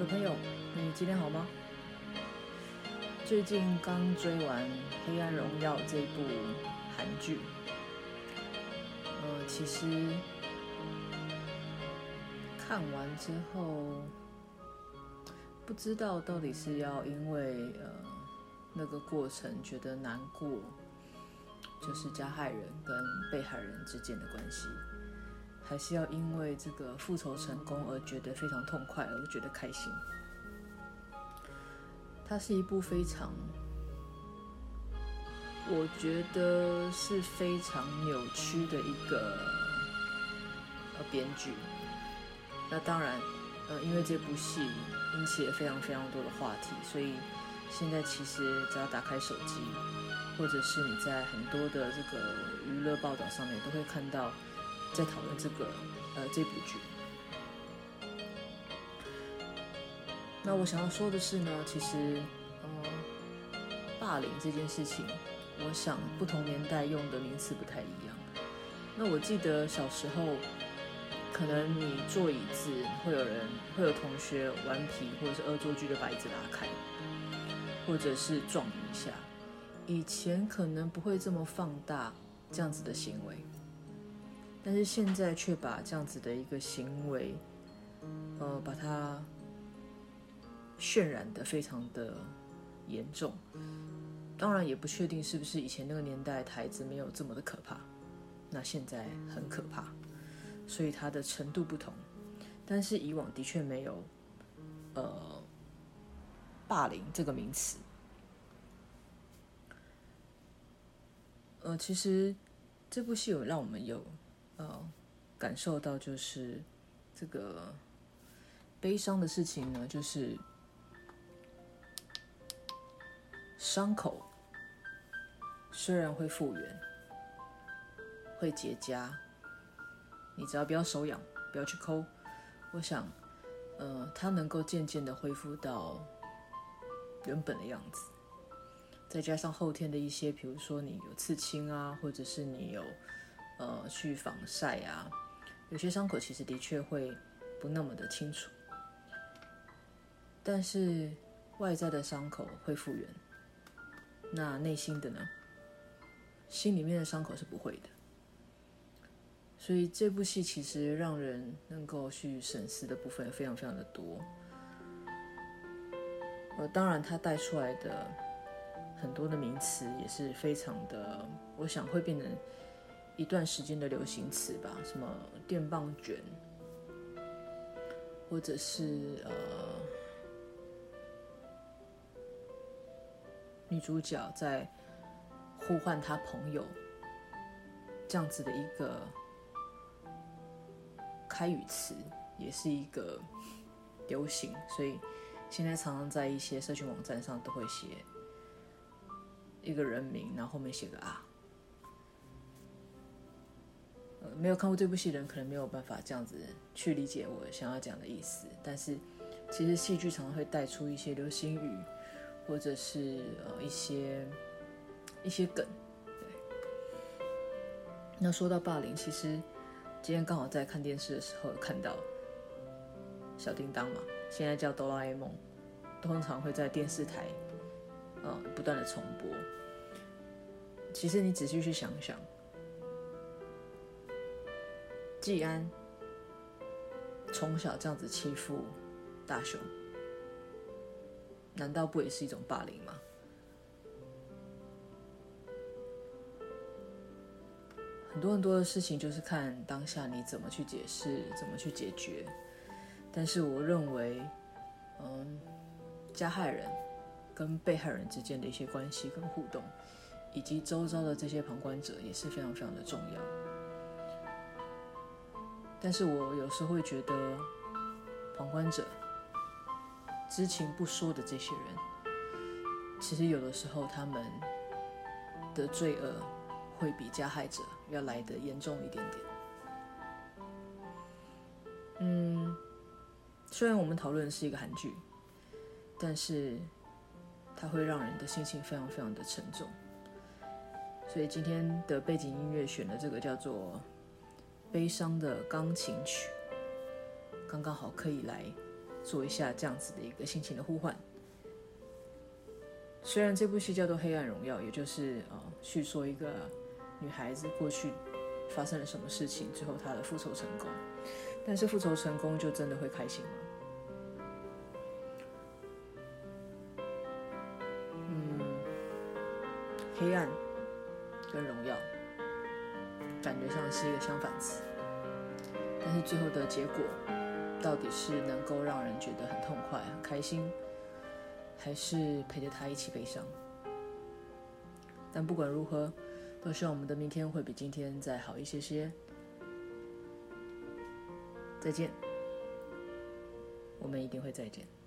我的朋友，你今天好嗎？最近剛追完《黑暗榮耀》這部韓劇，呃，嗯，其實，嗯，看完之後，不知道到底是要因為呃那個過程覺得難過，就是加害人跟被害人之間的關係。還是要因為這個復仇成功而覺得非常痛快，而覺得開心。它是一部非常，我覺得是非常扭曲的一個呃編劇。那當然，呃，因為這部戲引起了非常非常多的話題，所以現在其實只要打開手機，或者是你在很多的這個娛樂報道上面都會看到。在討論這個，呃，這部劇。那我想要說的是呢，其實，呃、嗯，霸凌這件事情，我想不同年代用的名詞不太一樣。那我記得小時候，可能你坐椅子，會有人會有同學頑皮或者是惡作劇的把椅子拉開，或者是撞一下。以前可能不會這麼放大這樣子的行為。但是現在卻把這樣子的一個行為，呃，把它渲染得非常的嚴重。當然也不確定是不是以前那個年代檯子沒有這麼的可怕，那現在很可怕，所以它的程度不同。但是以往的確沒有，呃，霸凌這個名詞。呃，其實這部戲有讓我們有。呃，感受到就是這個悲傷的事情呢，就是傷口雖然會復原，會結痂，你只要不要手癢，不要去摳，我想，呃，它能夠漸漸地恢復到原本的樣子，再加上後天的一些，比如說你有刺青啊，或者是你有。呃，去防曬啊，有些傷口其實的確會不那麼的清楚，但是外在的傷口會復原，那內心的呢？心裡面的傷口是不會的，所以這部戲其實讓人能夠去審視的部分非常非常的多。呃，當然它帶出來的很多的名詞也是非常的，我想會變成。一段時間的流行詞吧，什麼電棒捲，或者是呃，女主角在呼喚她朋友，這樣子的一個開語詞，也是一個流行，所以現在常常在一些社群網站上都會寫一個人名，然後後面寫個啊。沒有看過這部戲的人，可能沒有辦法這樣子去理解我想要講的意思。但是，其實戲劇常常會帶出一些流行語，或者是呃一些一些梗。對，那說到霸凌，其實今天剛好在看電視的時候看到小叮噹嘛，現在叫哆啦 A 夢，通常會在電視台呃不斷的重播。其實你仔細去想想。技安從小這樣子欺負大雄，難道不也是一種霸凌嗎？很多很多的事情，就是看當下你怎麼去解釋、怎麼去解決。但是我認為，嗯、呃，加害人跟被害人之間的一些關係跟互動，以及周遭的這些旁觀者，也是非常非常的重要。但是我有時候會覺得，旁觀者知情不說的這些人，其實有的時候他們的罪惡會比加害者要來得嚴重一點點。嗯，雖然我們討論是一個韓劇，但是它會讓人的心情非常非常的沉重。所以今天的背景音樂選的這個叫做。悲傷的鋼琴曲，剛剛好可以來做一下這樣子的一個心情的呼喚。雖然這部戲叫做《黑暗榮耀》，也就是呃，敘說一個女孩子過去發生了什麼事情最後，她的復仇成功。但是復仇成功就真的會開心嗎？嗯，黑暗跟榮耀。感覺上是一個相反詞，但是最後的結果到底是能夠讓人覺得很痛快、很開心，還是陪着他一起悲傷？但不管如何，都希望我們的明天會比今天再好一些些。再見，我們一定會再見。